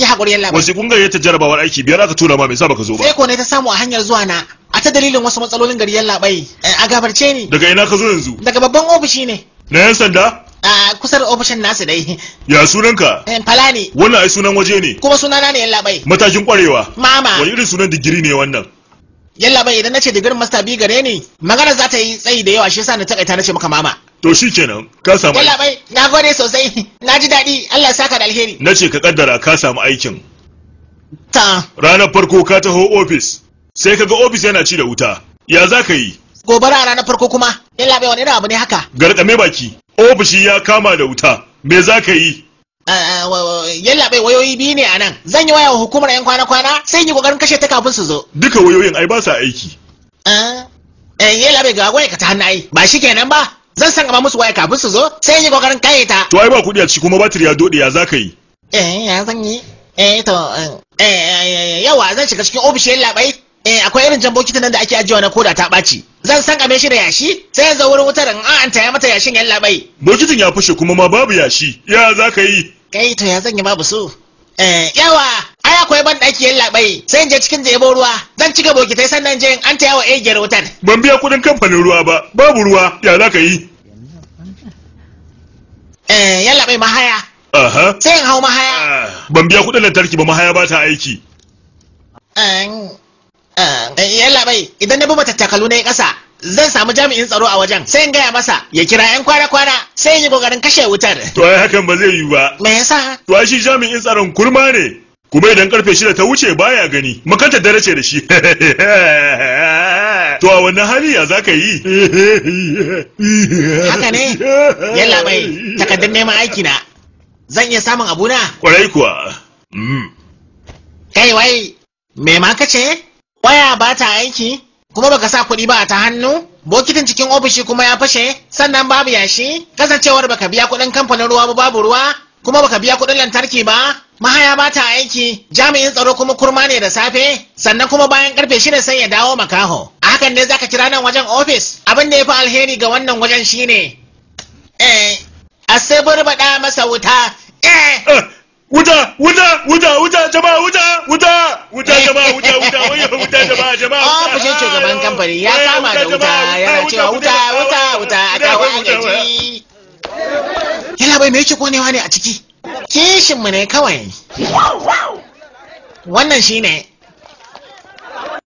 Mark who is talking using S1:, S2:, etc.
S1: yi haƙuri yalla wasu
S2: kun gayyata jarabawar aiki biyar aka tura ma me saba ka zo ba
S1: sai ko ne ta samu a hanyar zuwa na a ta dalilin wasu matsalolin gari yalla bai eh, a gabarce ni
S2: daga ina ka zo yanzu
S1: daga babban ofishi ne na yan sanda a kusar ofishin nasu dai
S2: ya sunanka
S1: eh, falani
S2: wannan ai sunan waje ne
S1: kuma sunana ne yalla bai matakin kwarewa
S2: mama wani irin sunan digiri ne wannan
S1: yalla bai idan nace digirin master bi gare ni magana za ta yi tsayi da yawa shi yasa na takaita nace maka mama
S2: to shi kenan ka samu yalla
S1: bai na gode sosai na ji daɗi Allah saka da alheri
S2: na ce ka kaddara ka samu aikin ta ranar farko ka taho ofis sai ka ga ofis yana ci da wuta ya za ka yi gobara a ranar farko kuma
S1: yalla bai wani abu ne haka
S2: garkame baki ofishi ya kama da wuta me za ka yi
S1: eh, eh, yalla bai wayoyi biyu ne a nan zan yi waya wa hukumar yan kwana-kwana sai yi kokarin kashe ta kafin su zo
S2: duka wayoyin ai ba sa aiki
S1: eh, yalla bai ga waya ka ta hannaye, ba shi kenan ba zan san gaba musu waya kafin su zo sai yi kokarin kai ta to ai
S2: ba kudi a ciki kuma batiri ya dode ya zaka yi
S1: eh ya zan yi eh to eh, eh, eh, eh yawa zan shiga cikin ofishin labai eh akwai irin jan bokitin nan da ake ajiyewa na koda ta ɓaci zan san game shi da yashi sai ya zo wurin wutar in an taya mata yashin yan labai
S2: bokitin ya fashe kuma ma babu yashi ya zaka yi
S1: kai to ya zan yi babu su eh yawa akwai ban ɗaki yan labai sai in je cikin jebo ruwa zan cika bokitai sannan je an taya wa egiyar wutar.
S2: ban biya kuɗin kamfanin ruwa ba babu ruwa ya za ka yi.
S1: eh yan labai mahaya. sai in hau mahaya.
S2: Ah. ban biya kuɗin lantarki ba mahaya ba ta aiki.
S1: Eh, eh, yan labai idan na bi matattakalu na yi ƙasa zan samu jami'in tsaro a wajen sai in gaya masa ya kira yan kwana-kwana sai in yi kokarin kashe wutar.
S2: To ai hakan ba zai yi ba. Me yasa? To ai shi jami'in tsaron kurma ne. kuma idan karfe shida ta wuce baya gani makanta dare ce da shi to a wannan hali ya ka yi haka ne
S1: yalla mai takardar neman aiki na zan iya samun abuna kwarai kuwa mm. kai wai me ma ka ce waya ba ta aiki kuma baka sa kuɗi ba ta hannu bokitin cikin ofishi kuma ya fashe sannan babu yashi kasancewar baka biya kuɗin kamfanin ruwa ba babu ruwa kuma baka biya kuɗin lantarki ba mahaya ba ta aiki jami'in tsaro kuma kurma ne da safe sannan kuma bayan karfe shi sai ya dawo makaho a hakan ne zaka kira nan wajen ofis abin da ya fi alheri ga wannan wajen shine eh a sai burbaɗa masa wuta eh wuta wuta
S2: wuta wuta jama'a wuta wuta wuta jama'a wuta wuta wuta jama'a jama'a ofishin
S1: shugaban kamfani ya kama da wuta yana cewa wuta wuta wuta a kawo gaji. yana bai mai konewa ne a ciki kishinmu ne kawai wannan shine